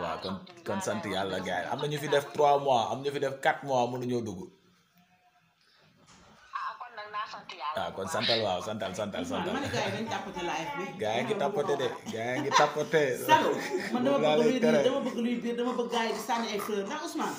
waaw kon kon sant yàlla gars yi am na ñu fi def trois mois am ñu fi def quatre mois mënuñoo dugg waaw ah, kon ah, santal waaw santal santal santal gars yi ngi tapote de gars yi ngi tapote. Salo man dama bëgg luy biir dama bëgg luy yi sànni ay ndax Ousmane.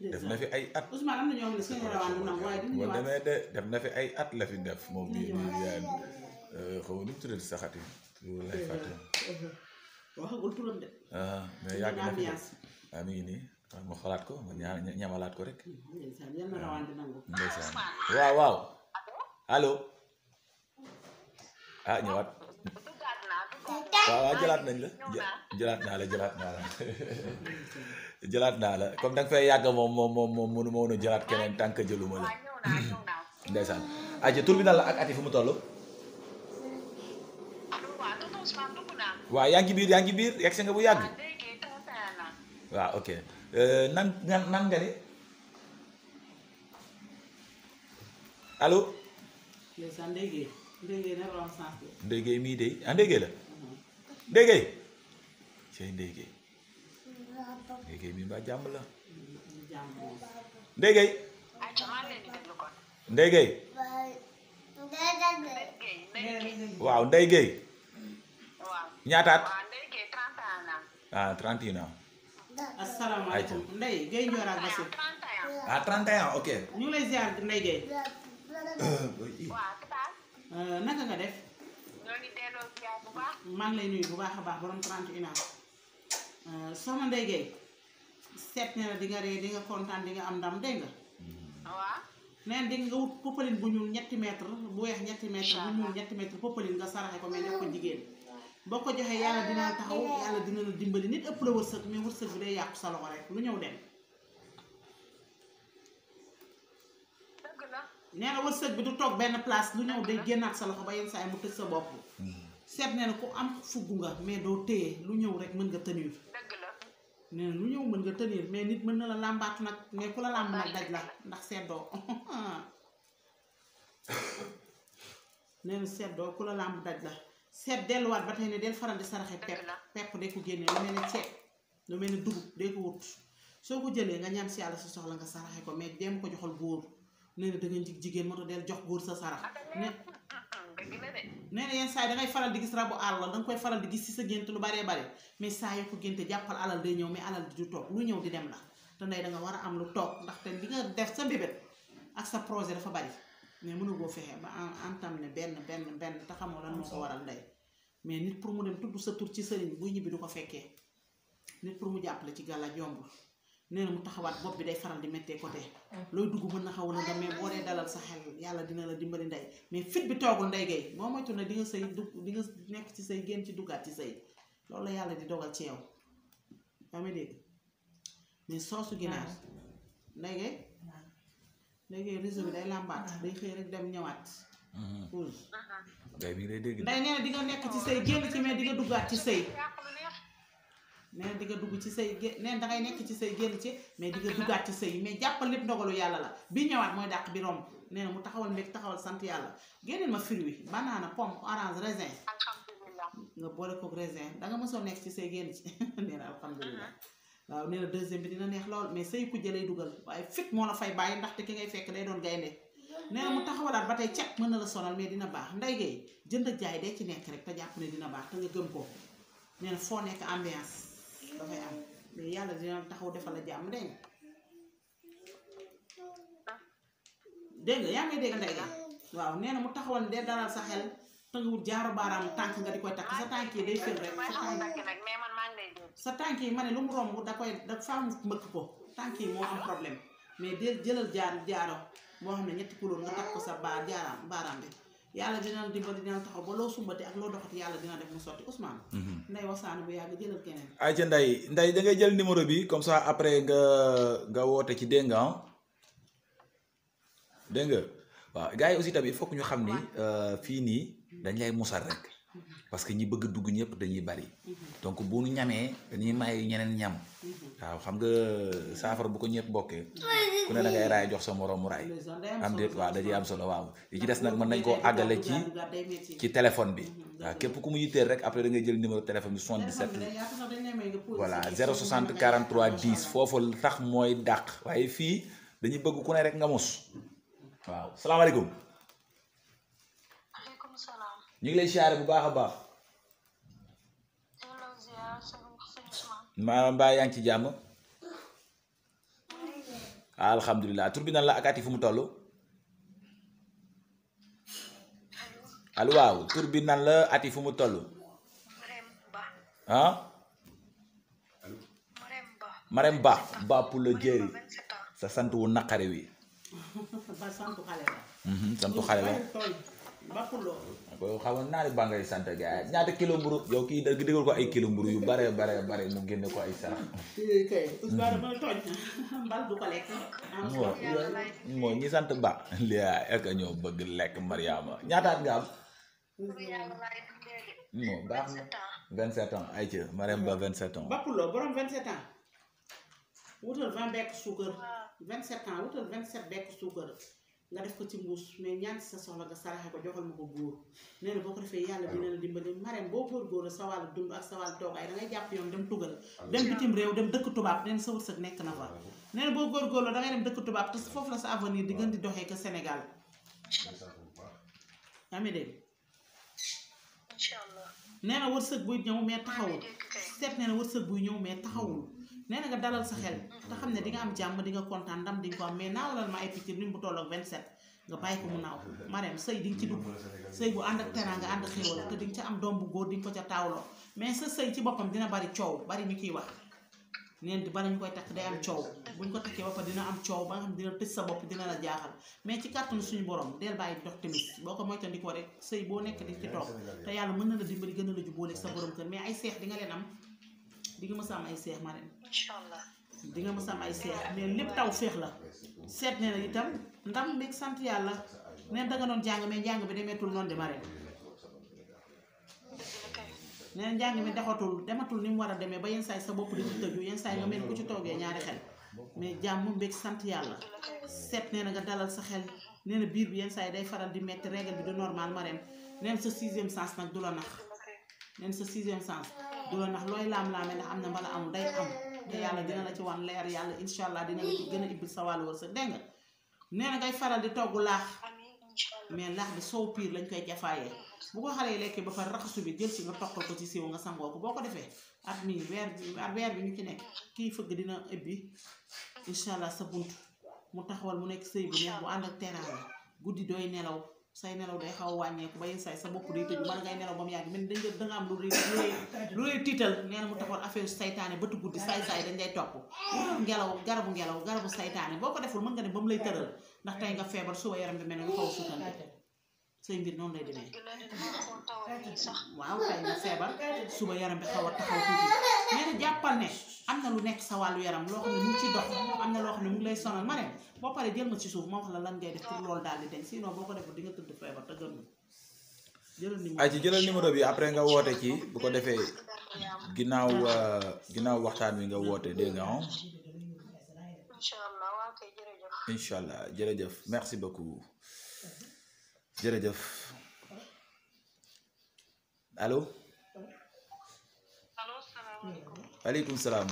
def na fi ay at. Ousmane am na de def na fi ay at la fi def moom bii di yaay euh, xaw nu mu tuddati saxati. lay ah, yàgg na fi ah mi ngi nii ah, ma xalaat ko ma ñaar ko rek. Ah, waaw waaw allo. ah ñëwaat. waaw waaw jëlaat nañ la jëlaat naa la jëlaat naa la jëlaat naa la comme da nga fay yàgg moom moom moom moom mënu ma woon a jëlaat keneen tant que jëluma la ndeysaan aja tur bi nan la ak ati fu mu toll waaw yaa ngi biir yaa ngi biir yegg si nga bu yàgg waaw ok euh, nan nan nga ne allo Ndeye Gueye mii de ah Ndeye Gueye la ndéggéey cey ndéggéey ndéggéey mi mbaa jàmm la ndéggéey ndéggéey waaw ndéggéey ñaataat ah trente et un ans asalaamaaleykum Ndeye Guèye Ndiora Gassou ah 31 ok ñu ngi lay ziar Ndeye Guèye maa ngi lay nuyu bu baax a baax borom 31 ans euh, soxna Ndeye Gueye seet ne la di nga ree di nga kontaan di nga am ndam dégg nga. Ah waaw. neen di nga wut bu ñuul ñetti mètre bu weex ñetti mètre bu ñuul ñetti mètre popeline nga saraxe ko mais def ko jigéen boo ko joxee yàlla dinaa taxaw yàlla dina la dimbali nit ëpp la wërsëg mais wërsëg bi day yàqu sa loxo rek lu ñëw dem. nee na wërsëg bi du toog benn place lu ñëw day génnaat sa loxo ba yenn saa yi mu tëj sa bopp. set nee na ku am fugg nga mais doo téye lu ñëw rek mën nga tenir. lu ñëw mën nga tenir mais nit mën na la làmbaatu nag mais ku la làmb nag ndax seddoo nee na seddoo ku la làmb daj la set delluwaat ba tey ne del faral di saraxe pepp pepp day ko génne lu mel ne lu mel ne dugub day ko wut soo ko jëlee nga ñaan si yàlla si soxla nga saraxe ko mais dem ko joxal góor. nee na da ngeen jig jigéen moo tax del jox góor sa sarax ah, ne ah, ah, nee na yenn saa yi da faral di gis rabu àll da nga koy faral di gis si sa gént lu baree bare mais saa yoo ko génte jàppal alal day ñëw mais alal di du toog lu ñëw di dem na te ndey da nga war a am lu toog ndaxte bi nga def sa bébét ak sa projet dafa bari mais mënu koo fexe ba entamé benn benn benn te xamoo lan moo ko waral ndey mais nit pour mu dem tudd sa tur ci sëriñ buy ñibbi du ko fekkee nit pour mu jàppale ci gàllaaj yombul nee na mu taxawaat bopp bi day faral di méttee côté mm. looy dugg mën na xaw la nga mais boo dee dalal sa xel yàlla dina la dimbali ndey mais fit bi toogul ndey gay moo moytu ne di nga di nga nekk ci sëy génn ci duggaat ci loolu la yàlla di dogal ci yow yaa ngi dégg mais soosu ginaar mm. ndey gay mm. bi day làmbaat day dem ñëwaat bi mm-hmm. day dégg ndey duggaat ci sëy nee na dugg ci say gé nee na dangay nekk ci say génn ci mais di nga duggaat ci say mais jàppal lépp ndogalu yàlla la bi ñëwaat mooy dàq bi romb nee na mu taxawal mbég taxawal sant yàlla génneel ma fruit wi banaana pomme orange raisin nga boole koog raisin danga mosoo nekk ci say génn ci nee na uh-huh. waaw nee deuxième bi dina neex lool mais say kujje lay dugal waaye fit moo la fay bàyyi ndaxte ki ngay fekk day doon gaynde nee na mu taxawalaat ba tey cet mën na la sonal mais dina baax nday gay jënd jaay day ci nekk rek te jàpp ne dina baax te nga dafay am mais yàlla dina taxaw defal la jàmm dégg nga yaa ngi dégg ndey waaw nee na mu taxawal de dalal sa xel te nga wut jaaru tànk nga di koy takk sa tànk yi day fër rek sa tànk yi ma ne lu mu romb da koy da faaw mbëkk ko tànk yi moo am problème mais de jëlal jaar jaaro moo xam ne ñetti kuloon nga takk ko sa baar jaaraam baaraam bi yàlla dina la dimbali dina la taxaw ba loo sumbati ak loo doxati yàlla dina def mu sotti Ousmane. Mhm. nday waxtaan bu yàgg jëlal keneen. ayca nday nday da ngay jël numéro bi comme ça après nga nga woote ci dégg nga ah. nga waaw gaa yi aussi tamit il faut ñu xam ni euh, fii nii dañ lay musal rek. parce que ñi bëgg dugg ñëpp dañuy bari. Mhm. donc bu nu ñamee dañuy may ñeneen ñam. Mhm. waaw xam nga saafara bu ko ñëpp bokkee. Mhm. ku ne da ngay raay jox sa moroomu raay. am déet waaw da am solo waaw li ci des nag mën nañ koo àggale ci ci téléphone bi. waa képp ku mu yitteel rek après da ngay jël numéro téléphone bi 77. voilà 060 43 10 foofu tax mooy dàq waaye fii dañuy bëgg ku ne rek nga mos. waaw salaamaaleykum. ñu ngi lay siyaare bu baax a baax. maa mbaa yaa ngi ci jàmm. alhamdulilah tur la ak ati fu mu tollu allo waaw tur bi nan la ati fu mu toll. ah. Marème Ba Ba pour le jéeri sa sant wu naqare wi. santu xale la. boo xam nga naari baa ngay sant gars yi ñaata kilo mburu yow kii dëgg dëggal ko ay kilo mburu yu bare bare bare mu génne ko ay sarax. kay Ousmane mooy mbal du ko lekk. moo ñi sant ba lii ak ñoo bëgg lekk Mariama ñaataat nga am. moo baax na 27 ans ay ci Mariam ba 27 ans. Bapulo borom 27 ans. wutal 20 bekk suukar 27 ans bekk suukar. nga def ko ci mbuus mais ñaan sa soxla nga saraxe ko joxal ma ko góor nee na boo ko defee yàlla dina la dimbali marem boo góor góor sa wàllu dund ak sa wàllu toogaay da ngay jàpp yoon dem tugal dem bitim réew dem dëkk tubaab nee na sa wërsëg nekk na fa nee boo góor góor la dem dëkk tubaab te foofu la sa avenir di gën di doxee ko Sénégal yaa ngi dégg nee na wërsëg buy ñëw mais taxawul seet nee na buy ñëw mais taxawul nee na nga dalal sa xel mm-hmm. te xam ne di nga am jàmm di nga kontaan ndam di nga ko am mais naawalal ma ay picc lim bu tolloog 27 nga bàyyi ko mu naaw am doom bu góor ko ca taawloo mais sa sëy ci dina bari coow bari ñu ciy wax neen di bari ñu koy takk day am coow buñ ko takkee ba fa dina am coow ba nga xam dina tëj sa bopp dina la jaaxal mais ci kàttanu suñu borom del bàyyi dox tamit boo ko moytandikoo rek sëy boo nekk di ci toog te yàlla mën na la dimbali gën a la jubóoleeg sa borom kër mais ay seex di nga leen am di nga mës ay seex ma incha allah di nga mës a ay seex mais lépp taw féex la. seet nee itam ndam beeg sant yàlla neen danga doon jàng jàng bi demeetul noonu de Marème. neen njàng mi dexatul dematul ni mu war a demee ba yenn saay sa bopp di ci tëju yenn saay nga mel ku ci toogee ñaari xel mais jàmm mbég sant yàlla seet nee na nga dalal sa xel nee na biir bi yenn saay day faral di metti règle bi du normal ma ren neen sa sixième sens nag du la nax neen sa sixième sens du la ndax looy laam-laame ndax am na bala amul day am te yàlla dina la ci wan leer yàlla incha allah dina la ci gën a ibbil sa wàllu wërsëg dégg nga nee ngay faral di togg laax mais laax bi soow piir lañ koy jafaayee mm-hmm. bu ko xale yi lekkee ba pare raxasu bi jël ci nga toqal ko ci siiw nga sangoo ko boo ko defee at mii weer bi weer bi ñu ci nekk mm-hmm. kii fëgg dina ëbbi incha sa bunt mu taxawal mu nekk sëy bu neex bu ànd ak teraanga guddi dooy nelaw say nelaw day xaw a wàññeeku ba yenn say sa bopp day tëj mën ngay nelaw ba mu yàgg mel ni dañ da nga am lu rëy lu rëy tiital nee mu taxoon affaire seytaane bëtu guddi saay-saay dañ lay topp ngelaw garabu ngelaw garabu seytaane boo ko deful mën nga ne ba mu lay tëral ndax tey nga feebar suba yaram bi mel ne nga xaw a sutante say mbir noonu lay demee waaw tey nga feebar suba yaram bi xaw a taxaw tuuti nee na jàppal ne am na lu nekk sa wàllu yaram loo xam ne mu ci dox am na loo xam ne mu lay sonal ma boo paree jël ma ci suuf ma wax la lan ngay def pour loolu daal di deñ boo ko defee di tëdd feebar te gën ay ci jëlal numéro bi après nga woote ci bu ko defee ginnaaw ah. euh, ginnaaw waxtaan wi nga woote dégg nga ah. incha allah jërëjëf merci beaucoup jërëjëf allo. aleykum salaam.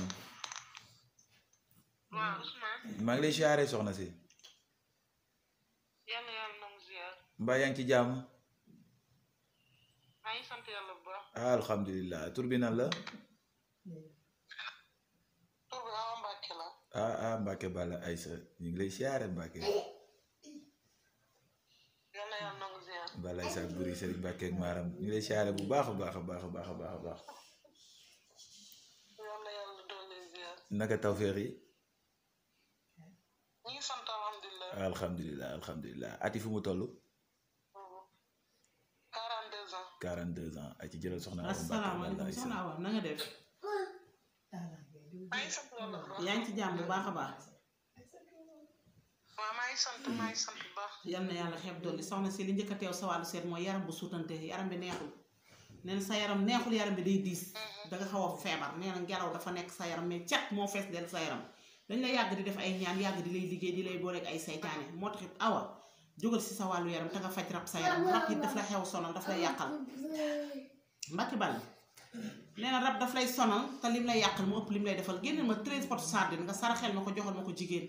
waaw ngi lay siyaare soxna si. yàlla yàlla ci jàmm. maa ngi ah alhamdulilah tur la. tur bi awa Mbacke la. ah ah Mbacke Balla Aïssa ñu ngi lay siyaare Mbacke. yàlla yàlla nangu ziar. Balla Aïssa ak Buri Serigne Mbacke ak ñu ngi lay siyaare bu baax baax baax baax baax a baax. naka tawféex yi. ñu ngi alhamdulilah. alhamdulilah alhamdulilah at yi fu mu toll. 42 mhm. ans. 42 ans ay ci jëlal na def. yaa ngi ci jàmm bu baax a baax. waaw maa ngi sant maa ngi soxna si li njëkk a teew sa wàllu seet mooy yaram bu suutante yaram bi neexul nee sa yaram neexul yaram bi day diis. Mhm. da nga xaw a feebar nee na ngelaw dafa nekk sa yaram mais cat moo fees del sa yaram dañ la yàgg di def ay ñaan yàgg di lay liggéey di lay booleeg ay saytaane moo taxit awa jógal si sa wàllu yaram te nga faj rab sa yaram rab yi daf la xew sonal daf yàqal mbakki bal nee na rab daf lay sonal te lay yàqal mu ëpp lim lay defal génne ma treize pot sardine nga saraxel ma ko joxal ma ko jigéen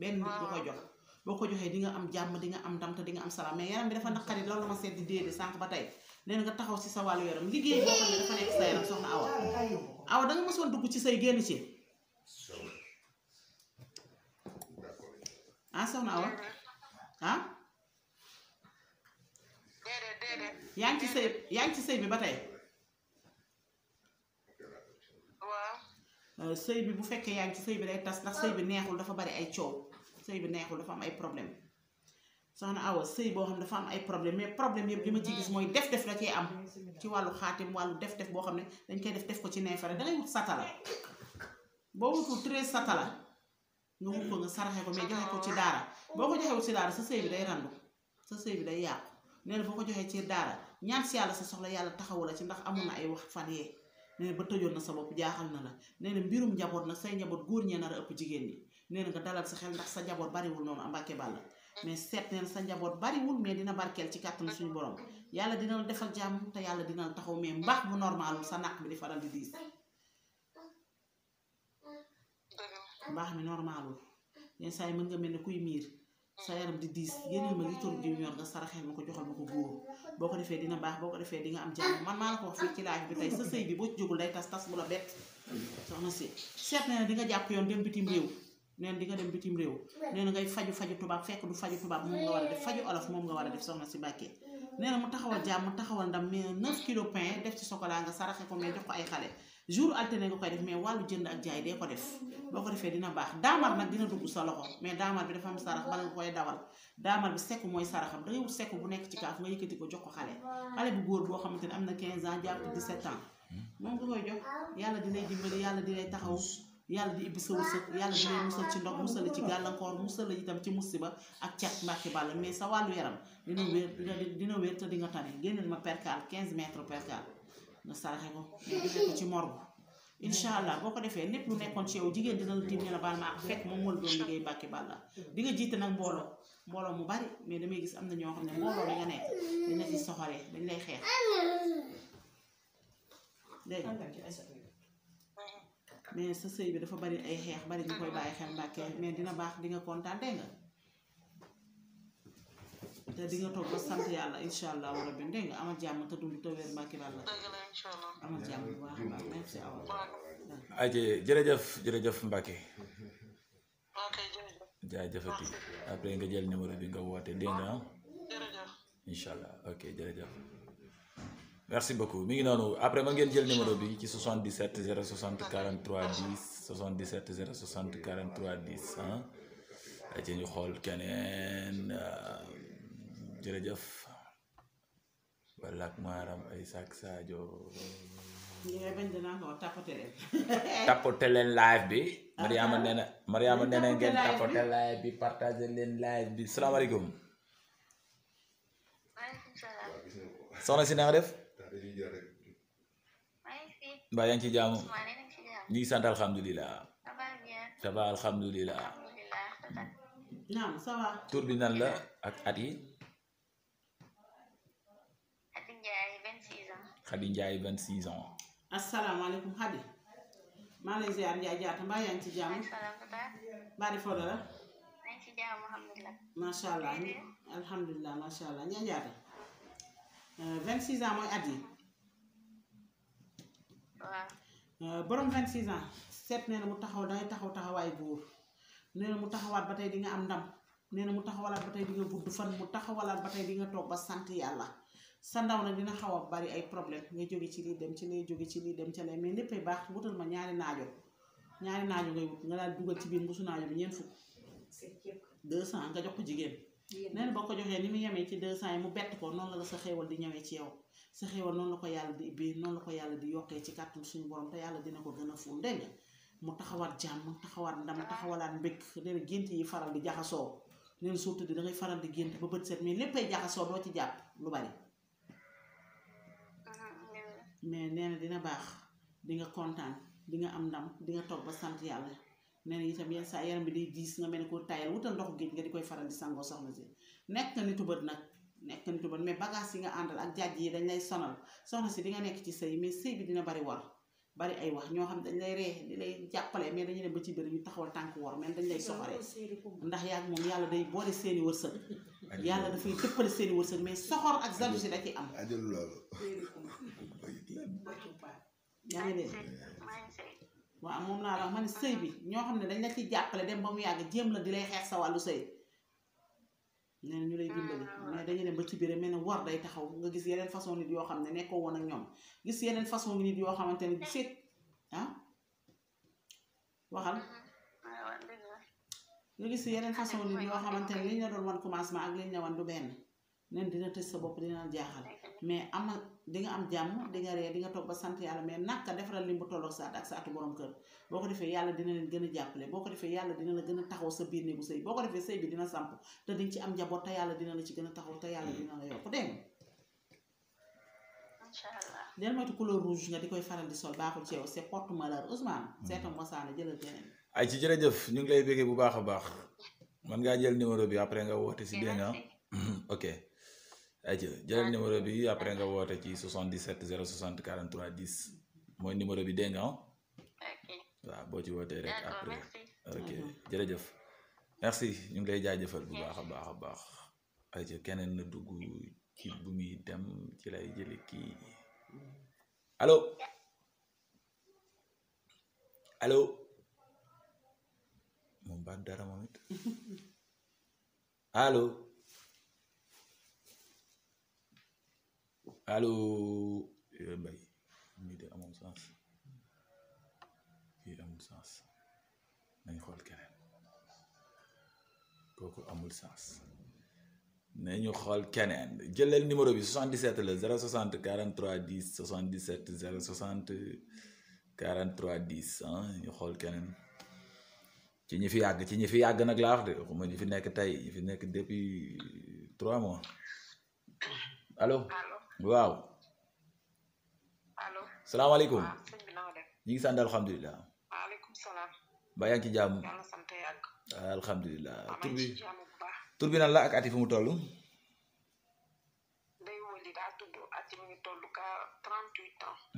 benn nit nga koy jox boo ko joxee di nga am jàmm di nga am ndam te di nga am salaam mais yaram bi dafa naqari loolu ma seet di déedéet sànq ba tey leen nga taxaw si sa wàllu yaram liggéey boo xam ne dafa nekk sa soxna awa awa da mësoon dugg ci say génn ci ah sëy ah? bi ba tey euh, sëy bi bu fekkee yaa ngi ci sëy bi day tas ndax sëy bi neexul dafa bari ay coow sëy bi neexul dafa am ay problème soxna awa sëy boo xam ne dafa am ay problème mais problème yëpp li ma ci gis mooy def def la cee am ci wàllu xaatim wàllu def def boo xam ne dañ koy def def ko ci neefare dangay wut satala boo wutul treize satala nga wut ko ko mais joxe ko ci daara boo ko joxewut ci daara sa sëy bi day randu sa sëy bi day yàqu nee na boo ko joxee ci daara ñaan si yàlla sa soxla yàlla taxawu la ci ndax amoon na ay wax fan yee nee na ba tëjoon na sa bopp jaaxal na la nee na mbirum njaboot na say njaboot góor ñee nar a ëpp jigéen ñi ne na nga dalal sa xel ndax sa njaboot bariwul noonu am mbàkke bàlla mais seet neen sa njaboot bariwul mais dina barkeel ci kàttan suñu mm-hmm. borom yàlla dina la defal jàmm te yàlla dina la taxaw mais mbaax mu normalul sa naq bi di faral di diis mbaax mi normalul yenn saa yi mën nga mel ne kuy miir sa yaram di diis génnal ma litre diw ñor nga saraxeel ma ko joxal ma ko góor boo ko defee dina baax boo ko defee di nga am jàmm man maa la ko wax fii ci laaj bi tey sa sëy bi boo ci jógul day tas tas bu la bett soxna si seet na di nga jàpp yoon dem bitim réew neen di nga dem bitim réew nee na ngay faju faju tubaab fekk du faju tubaab moom nga war a def faju olof moom nga a def soxna si Mbàkke mm-hmm. nee na mu taxawal jaam mu taxawal ndam mais 9 kilo pain def ci chocolat nga saraxe mais jox ko ay xale jour alterné nga koy def mais wàllu mm-hmm. sa am da ngay wut sekku nekk ci kaaf nga ko jox ko xale xale bu góor boo xamante ne am na 15 ans jàpp 17 ans moom ah. yàlla di lay dimbali yàlla di taxaw yàlla di ibbi sa wërsëg yàlla di lay musal ci ndox musal ci gàllankoor musal itam ci musiba ak cat mbàkki bàll mais sa wàllu yaram dina wér dina wér te di nga tane génneel ma percal 15 mètres percal nga saraxe ko mais defee ko ci morgue incha allah boo ko defee lépp lu nekkoon ci yow jigéen dina la tiim ñu la baal ma ak fekk moom moo la doon liggéey mbàkki bàll di nga jiite nag mbooloo mbooloo mu bari mais damay gis am na ñoo xam ne mbooloo li nga nekk dina ci soxoree dañ lay xeex mais sa sëy bi dafa bari ay xeex bari ñu koy ah, bàyyi xel ah, mbàkke mais dina baax di nga kontaan dégg nga te di toog ba sant yàlla incha allahu rabbi dégg nga amal jàmm te dund baax merci awa aje jërëjëf jërëjëf mbàkke jaajëfati après nga jël numéro bi nga woote dégg nga ok jërëjëf merci beaucoup mi ngi noonu après ma ngeen jël numéro bi ci 77 060 43 10 77 060 43 10 ah ci ñu xool keneen euh, jërëjëf balak maaram ay sak Sadio. tapote leen live bi Mariama nee na Mariama nee na ngeen tapote live bi partage leen live bi salaamaaleykum soxna si na nga def mbaa yaa ngi ci jaamu ñu ngi sant alhamdulilah ça va alhamdulilah naam la ak at yi Khady Ndiaye 26 ans asalaamaaleykum Khady maa ngi lay ziar jaata mbaa yaa ngi ci jaamu mbaa defoo dara macha allah alhamdulilah macha allah Ndiaye jaata 26 euh, ans mooy at yi Euh, borom 26 ans seet nee na mu taxaw day taxaw taxawaay góor nee mu taxawaat ba tey dinga nga am ndam nee na mu taxawalaat ba tey di gudd fan mu taxawalaat ba tey di nga toog ba sant yàlla sa ndaw nag dina xaw a bari ay problème nga jóge ci lii dem ci lay jóge ci lii dem ci lay mais léppay baax wutal ma ñaari naajo ñaari naajo ngay wut nga daal dugal ci biir mbusu naajo bi ñeent fukk 200 nga jox ko jigéen nee boo ko joxee ni mu yemee mu bett ko noonu la la di ñëwee ci yow sa xéewal noonu la ko yàlla di ubbee noonu la ko yàlla di yokkee ci kàttan suñu borom te yàlla dina ko gën a ful dégg nga mu taxawaat jàmm taxawaat ndam taxawalaat mbëgg nee na gént yi faral di jaxasoo nee na di da faral di gént ba bët set mais léppay jaxasoo doo ci jàpp lu bari mais nee na dina baax di nga kontaan di nga am ndam di nga toog ba sant yàlla nee na itam yenn saa yaram bi day diis nga mel ni ko tayal wutal ndoxu géej nga di koy faral di sàngoo soxna si nekk nga nitu bët nag nekkantu bon mais bagage yi nga àndal ak jàjj yi dañ lay sonal soxna si di nga nekk ci sëy mais sëy bi dina bari war bari ay wax ñoo xam dañ lay ree di lay jàppale mais dañu dem ba ci bëri ñu taxawal tànk wor mais dañ lay soxoree ndax yaag moom yàlla day boole seeni wërsëg yàlla dafay tëppale seeni wërsëg mais soxor ak jalousie da ci am yaa ngi dégg waaw moom la ma ne sëy bi ñoo xam ne dañ la ci jàppale dem ba mu yàgg jéem la di lay xeex sa wàllu sëy nee na ñu lay dimbali mais ah, dañuy dem ba ci biir mel ne war day taxaw nga gis yeneen façon nit yoo xam ne nekkoo woon ak ñoom gis yeneen façon nit yoo xamante ne seet ah waxal mm-hmm. nga gis yeneen façon nit yoo xamante ne liñ la doon wan commencement ak liñ la wan du benn nen dina tëj sa bopp dina jaaxal mais am na di nga am jàmm di nga nga toog ba sant yàlla mais naka defaral lim bu tolloog sa at ak sa atu borom kër boo ko defee yàlla dina leen gën a jàppale boo ko defee yàlla dina la gën a taxaw sa biir néegu sëy boo ko defee sëy bi dina samp te di ci am jaboot te yàlla dina la ci gën a taxaw te yàlla dina la yokk dégg del moytu couleur rouge nga di koy faral di sol baaxul ci yow c'est porte malheur Ousmane hmm. seetam wasaane jëlal beneen ay ci jërëjëf ñu ngi lay béggee bu baax a baax man ngaa jël numéro bi après nga woote si dégg nga hmm, ok ayca jëlal numéro bi après nga woote ci 77 060 43 10 mooy numéro bi dégg nga ah. ok boo ci wootee rek après ok jërëjëf. merci ñu ngi lay jaajëfal bu baax a baax a baax. ayca keneen na dugg ci bu muy dem ci lay jële ki allo allo moom baat dara moom it allo. allo yooyu eh mbay mii de amul sens kii amul sens nañ xool keneen kooku amul sens nañu xool keneen jëlal numéro bi 77 la 060 43 10 77 060 43 10 ah ñu xool keneen ci ñu fi yàgg ci ñi fi yàgg nag laa wax de xuma ñi fi nekk tey ñi fi nekk depuis trois mois allo. waaw. allo salaamaaleykum. waaw ah, sëñ bi na ñu ngi sant alhamdulilah. waaleykum salaam. mbaa yaa ngi ci jàmm. alhamdulilah tur la ak ati fu mu toll. Ndeye Wuli daa tudd ans.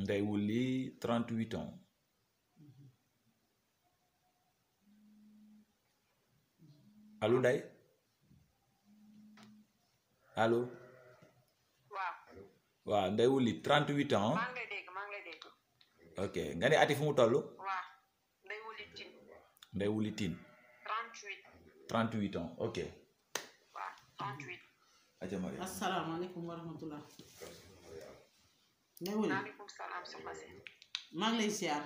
Ndeye Wuli 38 waaw Ndeye Wuli 38 ans. ok nga ne ati fu mu toll. waaw Ndeye Wuli Tine. Ndeye Wuli Tine. 38. 38 ans ok. waaw 38. aja Maria asalaamaaleykum maa ngi lay ziar.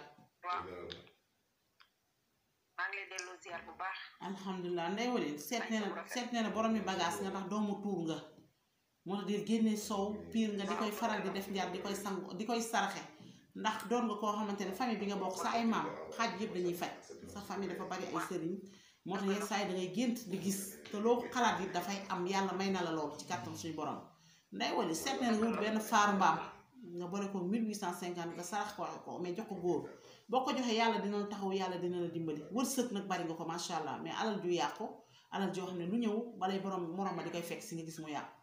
bu baax. alhamdulilah Ndeye Wuli seet nee na seet nee na borom mi bagage nga ndax doomu tuur nga. moo tax di génne soow piir nga di koy faral di def njar di koy sangu di koy saraxe ndax doon nga koo xamante ne famille bi nga bokk sa ay maam xaaj yëpp dañuy faj sa famille dafa bari ay sëriñ moo tax saa yi da ngay di gis loo xalaat yi dafay am yàlla may na la lool ci kàttan suñu borom nday wali seet na wut benn faaru mbaam nga bore ko 1850 nga sarax ko ko boo ko joxee yàlla dina la taxaw yàlla dina la dimbali wërsëg nag bari ko macha allah mais alal ju yàqu alal joo xam ne lu ñëw balay borom morom ma di koy fekk si nga gis mu yàqu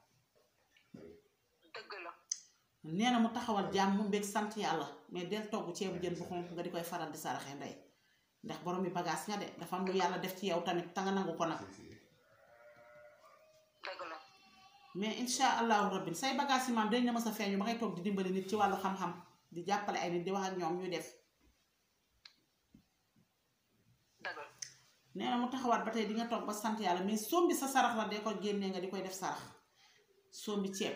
nee na mu taxawal jàmm mu mbég sant yàlla mais del togg ceebu jën bu xonk nga di koy faral di saraxe ndey ndax borom bi bagage nga de dafa am lu yàlla def ci yow tamit ta nga ko nag mais incha allahu say bagage yi maam ma sa feeñu ba ngay toog di dimbali nit ci wàllu xam-xam di jàppale ay nit di wax ak ñoom ñuy def nee na mu taxawaat ba tey di nga toog ba sant yàlla mais sombi sa sarax la de ko génnee nga di koy def sarax sombi ceeb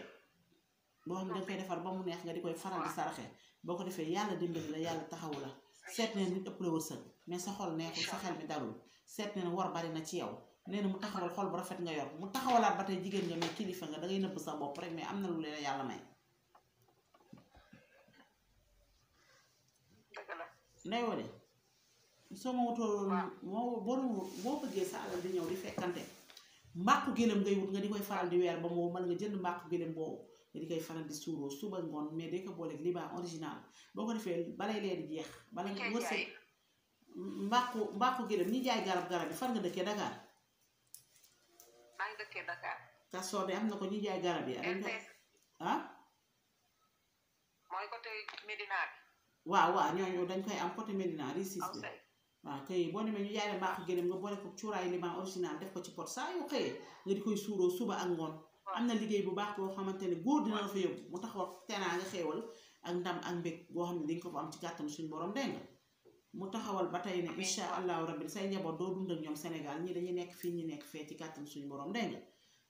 boo xam ne danga defar ba mu neex nga di koy faral di saraxe boo ko defee yàlla dimbali la yàlla taxawu la seet ne nit ëpp la wërsëg mais sa xol neexul sa xel mi dalul seet ne war bari na ci yow nee na mu taxawal xol bu rafet nga yor mu taxawalaat ba tey jigéen nga mais kilifa nga dangay nëbb sa bopp rek mais am na lu leen yàlla may. Ndeye Wally soo ma wutoo moo boo boo bëggee sa alal di ñëw di fekkante mbàqu gëlëm ngay wut nga di koy faral di weer ba moo mën nga jënd mbàqu gëlëm boobu. di koy faral di suuroo suba ngoon mais day ko booleeg liba original boo ko defee balay leen jeex. bala nga wërsëg mbàqu mbàqu gi dem ñi jaay garab garab yi fan nga dëkkee Dakar. maa ngi am na ko ñi jaay garab yi. ah. mooy côté Medina bi. waaw waaw ñooñu dañ koy am côté Medina riz six bi. waaw kay boo demee ñu jaay la mbaaxu gëlëm nga boole ko cuuraay liban def ko ci pot saa yu xëyee nga di koy suuroo suba ak ngoon. am na liggéey bu baax boo xamante ne góor dina la fa yóbbu mu taxaw teraanga ak ndam ak mbég boo xam ne dañ ko fa am ci kàttanu suñu borom dégg mu taxawal ba tey ne incha allahu rabbi say njaboot doo dund ak ñoom Sénégal ñi dañuy nekk fii ñu nekk fee ci kàttan suñu borom dégg nga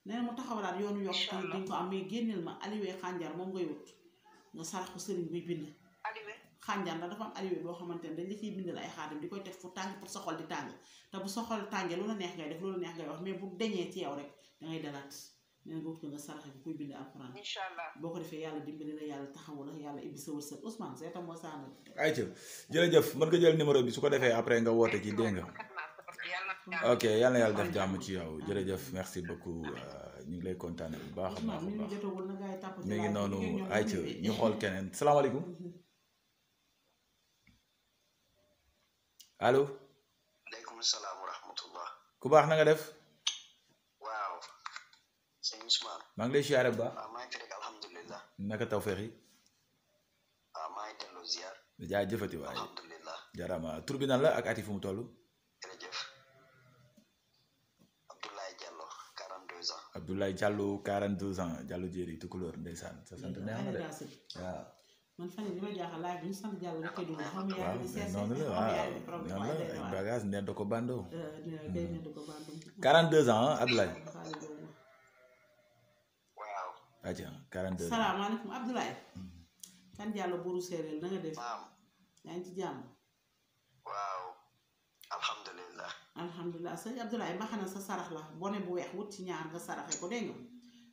nee na mu taxawalaat yoonu dañ ko am mais génneel ma aliwe xànjar moom ngay wut nga saraxu sëriñ buy bind e? xànjar la dafa am aliwe boo xamante ne dañ la ciy bindal ay xaatim di koy teg fu tàng pour soxol di tàng te bu soxol tàngee lu la neex ngay def lu la neex ngay wax mais bu deñee ci yow rek dangay dalaat nee na bokk nga sarax bi kuy boo ko defee yàlla dimbali la yàlla taxawal yàlla ibbi sa wërsëg Ousmane Seydou Tambo Sane. ayca jërëjëf mën nga jël numéro bi su ko defee après nga woote ci dégg nga. yàlla na yàlla def jàmm ci yow jërëjëf merci beaucoup euh, ñu ngi lay kontaane bu baax a baax mi ngi noonu ayca ñu xool keneen salaamaaleykum baax na nga def. Ousmane. maa ngi lay siyaare bu baax. naka tawféex yi. waaw maa ngi delloo ziar. jaajëfati la ak ati fu mu toll. jërëjëf Abdoulaye Diallo 42 ans. Abdoulaye Diallo 42 ans Diallo Jéeri tukulóor neex na de waaw. man fan yii li ma jaaxal laaj ans ah, Abdoulaye. aja 42 salaamaaleykum Abdoulaye. Mm-hmm. kan Diallo Bourou Séréer na nga def. waaw yaa ngi ci jàmm. waaw alhamdulilah. alhamdulilah sëñ Abdoulaye mbaxana sa sarax la bone bu weex wut ci ñaar nga saraxe ko dégg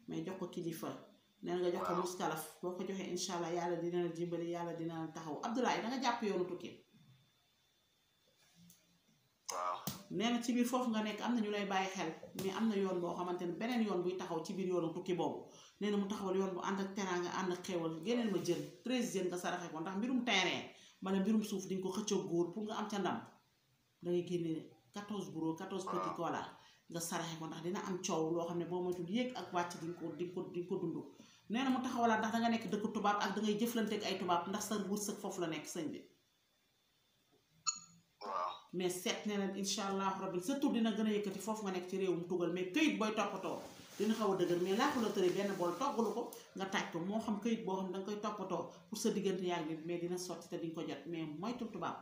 nga jox ko kilifa. nee nga jox ko muskalaf boo ko joxee incha allah yàlla dina la dimbali yàlla dina la taxaw Abdoulaye da jàpp yoonu tukki. waaw nee na ci biir foofu nga nekk am na ñu lay bàyyi xel mais am na yoon boo xamante ne beneen yoon buy taxaw ci biir yoonu tukki boobu. nee na mu taxawal yoon bu ànd ak teraanga ànd ak xeewal génneel ma jël treize jeunes nga saraxe ko ndax mbirum terrain mbala mbirum suuf di ko xëccoo góor pour nga am ca ndam dangay génne quatorze gros quatorze petit kola nga saraxe ko ndax dina am coow loo xam ne boo moytul yéeg ak wàcc di nga ko di nga ko di nga ko dund nee nekk dëkk tubaab ak dangay jëflante ak ay tubaab ndax sa wërsëg la nekk sëñ bi mais seet nee na incha allahu rabbi sa tur dina gën a yëkkati foofu nga nekk ci réewum tugal mais këyit booy too dina xaw a dëgër mais laaku la tëri benn bool toggalu ko nga taaj ko moo xam këyit boo xam da koy toppatoo pour sa diggante yàgg bi mais dina sotti te diñ ko jot mais moytu tubaab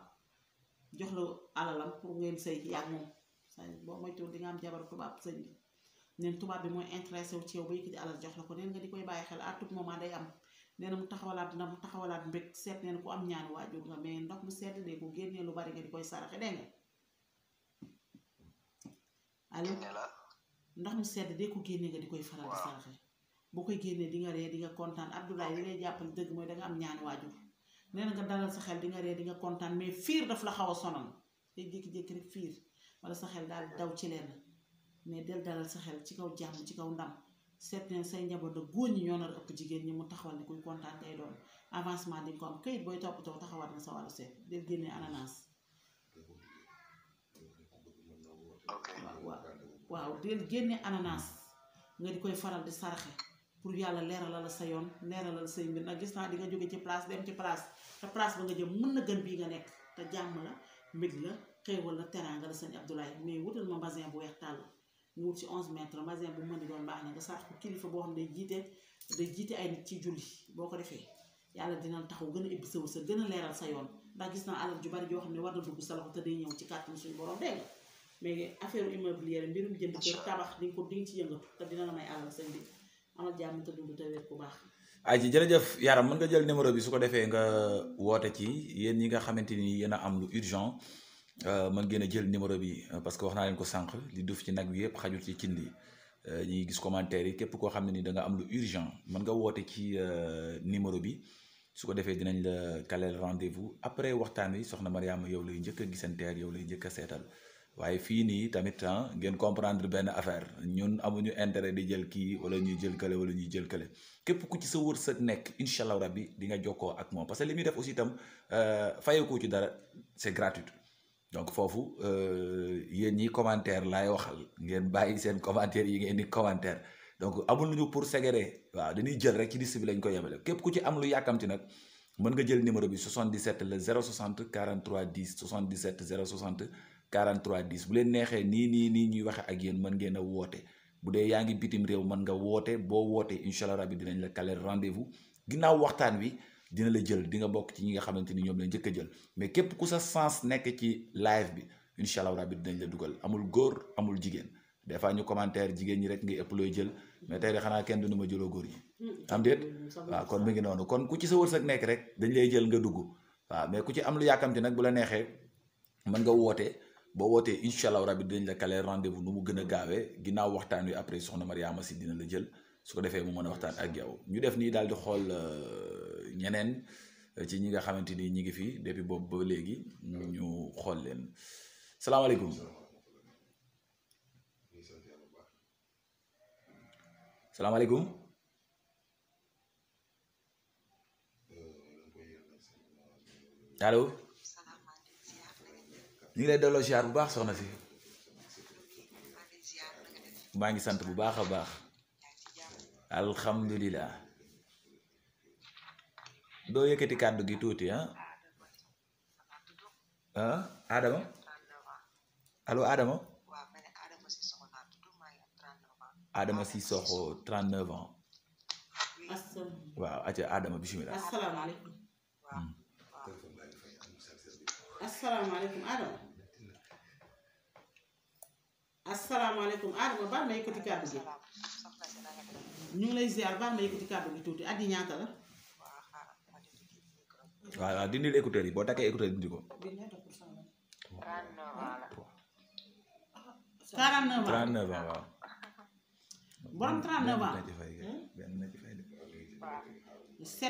jox la alalam pour ngeen sëy yàgg moom sa boo moytuwul di nga am jabar tubaab sëñ bi neen tubaab bi mooy intéressé wu ci yow ba yëkkati alal jox la ko neen nga di koy bàyyi xel à tout moment day am nee na mu taxawalaat na mu taxawalaat mbég seet neen ku am ñaan waajur nga mais ndox mu sedd de ku génnee lu bari nga di koy saraxe dégg nga allo ndox mi sedd de ko génnee nga di koy faral di saraxe boo koy génnee di nga ree di nga kontaan Abdoulaye li lay jàppale dëgg mooy da nga am ñaani waajur nee na nga dalal sa xel di nga ree di nga kontaan mais fiir daf la xaw a sonal day jékki-jékki rek fiir wala sa xel daal daw ci leen mais del dalal sa xel ci kaw jàmm ci kaw ndam seet ne say njaboot da góor ñi ñoo nar ëpp jigéen ñi mu taxawal ne kuy kontaan tey doon avancement di nga ko am këyit booy toppatoo taxawaat na sa wàllu seet del génnee waaw di génne ananas nga di koy faral di saraxe pour yàlla leeralal sa yoon leeralal say mbir nag gis naa di nga jóge ci place ci place te place ba nga jëm mën na gën bii nga nekk te jàmm la mbég la xéewal la teraanga la sëñ Abdoulaye mais wutal ma basin bu weex tàll ñu wut ci onze mètres basin bu di doon baax na nga kilifa boo xam ne day jiite day jiite ay nit ci julli boo ko defee yàlla dina taxaw gën a ibbi sa wërsëg leeral sa yoon ndax gis naa alal ju bari joo xam ne war na dugg sa loxo te day ñëw ci kàttan suñu borom dégg nga mais affaire immobilière mbirum jënd kër tabax di nga ko di nga ci yëngatu te dina la may àll sëñ bi amal jàmm te dund te wér ku baax. ay ci jërëjëf Yaram mën nga jël numéro bi su ko defee nga woote ci yéen ñi nga xamante ni yéen a am lu urgent euh, mën ngeen a jël numéro bi euh, parce que wax naa leen ko sànq li duuf ci nag bi yëpp xajul ci cin li euh, ñuy gis commentaire yi képp koo xam ne nii da am lu urgent mën nga woote ci numéro bi su ko defee dinañ la kaleel rendez-vous après waxtaan wi soxna Mariama yow lay njëkk a gisanteer yow lay njëkka a waaye fii nii tamit ah ngeen comprendre benn affaire ñun amuñu intérêt di jël kii wala ñuy jël kële wala ñuy jël kële képp ku ci sa wërsëg nekk incha allah rabbi di nga jokkoo ak moom parce que li muy def aussi itam euh, fayeekoo ci dara c'est gratuit donc foofu euh, yéen ñi commentaire laay waxal ngeen bàyyi seen commentaire yi ngeen di commentaire donc amul ñu pour ségéree waaw dañuy jël rek ci liste bi lañ ko yemale képp ku ci am lu yàkkamti na mën nga jël numéro bi 77 la 060 43 10 77 43 10 bu leen neexee nii nii nii ñuy waxe ak yéen mën ngeen a woote bu dee yaa ngi bitim réew mën nga woote boo wootee incha allah rabbi dinañ la caler rendez-vous ginnaaw waxtaan wi dina la jël di nga bokk ci ñi nga xamante ni ñoom la njëkk a mais képp ku sa sens nekk ci live bi incha allah rabbi dinañ la dugal amul góor amul jigéen des fois ñu commentaire jigéen ñi rek ngay ëpp looy jël mais te xanaa kenn du nu ma jëloo góor ñi am déet waaw kon mi ngi noonu kon ku ci sa wërsëg nekk rek dañ lay jël nga dugg waaw mais ku ci am lu yàkkamti nag bu la neexee mën nga woote boo wootee incha allah rabi dinañ la caler rendez-vous nu mu gën a gaawee ginnaaw waxtaan wi après soxna Mariama si dina la jël su ko defee mu mën a waxtaan ak yow ñu def nii daal di xool euh, ñeneen euh, ci ñi nga xamante ni ñi ngi fii depuis boobu ba léegi ñu xool leen salaamaaleykum. salaamaaleykum. allo. ñu ngi lay delloo ziar bu baax soxna si maa ngi sant bu baax a baax alhamdulilah doo yëkkati kàddu gi tuuti ah? Ah, Adama allo Adama Adama Sissoko 39 ans waaw aca Adama bisimilah. asalaamaaleykum. Hmm. asalaamaaleykum Adama baal ma yëkkati kàddu ngi lay ziar baal ma yëkkati kàddu yi ñaata la. waaw waaw yi boo takkee écouteur yi dindi ko. 49 waaw. borom 39 ans.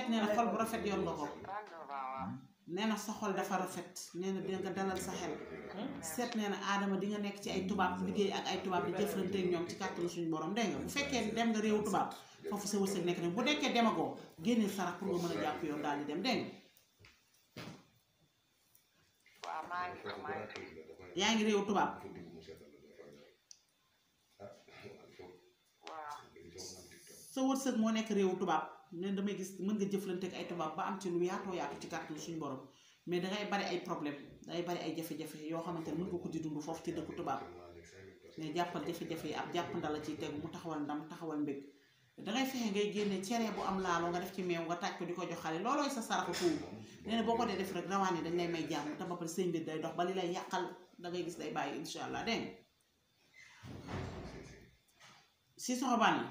ne la xol bu rafet yoon nga nee na sa xol dafa rafet nee na dina nga dalal sa xel seet nee na aadama di nga nekk ci ay tubaab liggéey ak ay tubaab di jëflante ñoom ci kàttanu suñu borom de nga bu fekkee dem nga réewu tubaab foofu sa wërsëg nekk nag bu nekkee demagoo génneel sarax pour a jàpp yoon daal dem dégg yaa ngi réewu tubaab sa wërsëg moo nekk réewu tubaab ne damay gis mën nga jëflante ak ay tubaab ba am ci lu yaatoo yaatu ci kàttanu suñu borom mais dangay bari ay problème dangay bari ay jafe-jafe yoo xamante ne mën nga ko di dund foofu ci dëkku tubaab mais jàppal jafe-jafe yi ab jàpp ndala ciy tegu mu taxawal ndam taxawal mbég dangay fexe ngay génne cere bu am laalo nga def ci meew nga tàj ko di ko jox xale loolooy sa saraxu tuub nee na boo ko dee def rek rawaane dañ lay may jàmm te ba pare bi day dox ba li lay yàqal dangay gis day bàyyi incha allah dégg si soxobaan yi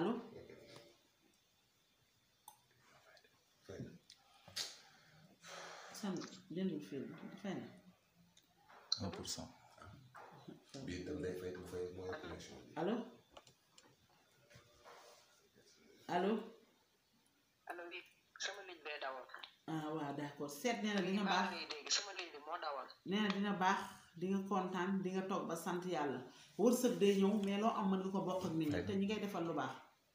allo sànni jëndul fii bi. allo allo. allo oui sama ligne bee dawal. Ah, nee na dina baax sama bi moo baax di nga kontaan di nga toog ba sant yàlla wërsëg day ñëw mais loo am mën nga ko bokk ak nit te ñi ngay defal lu baax.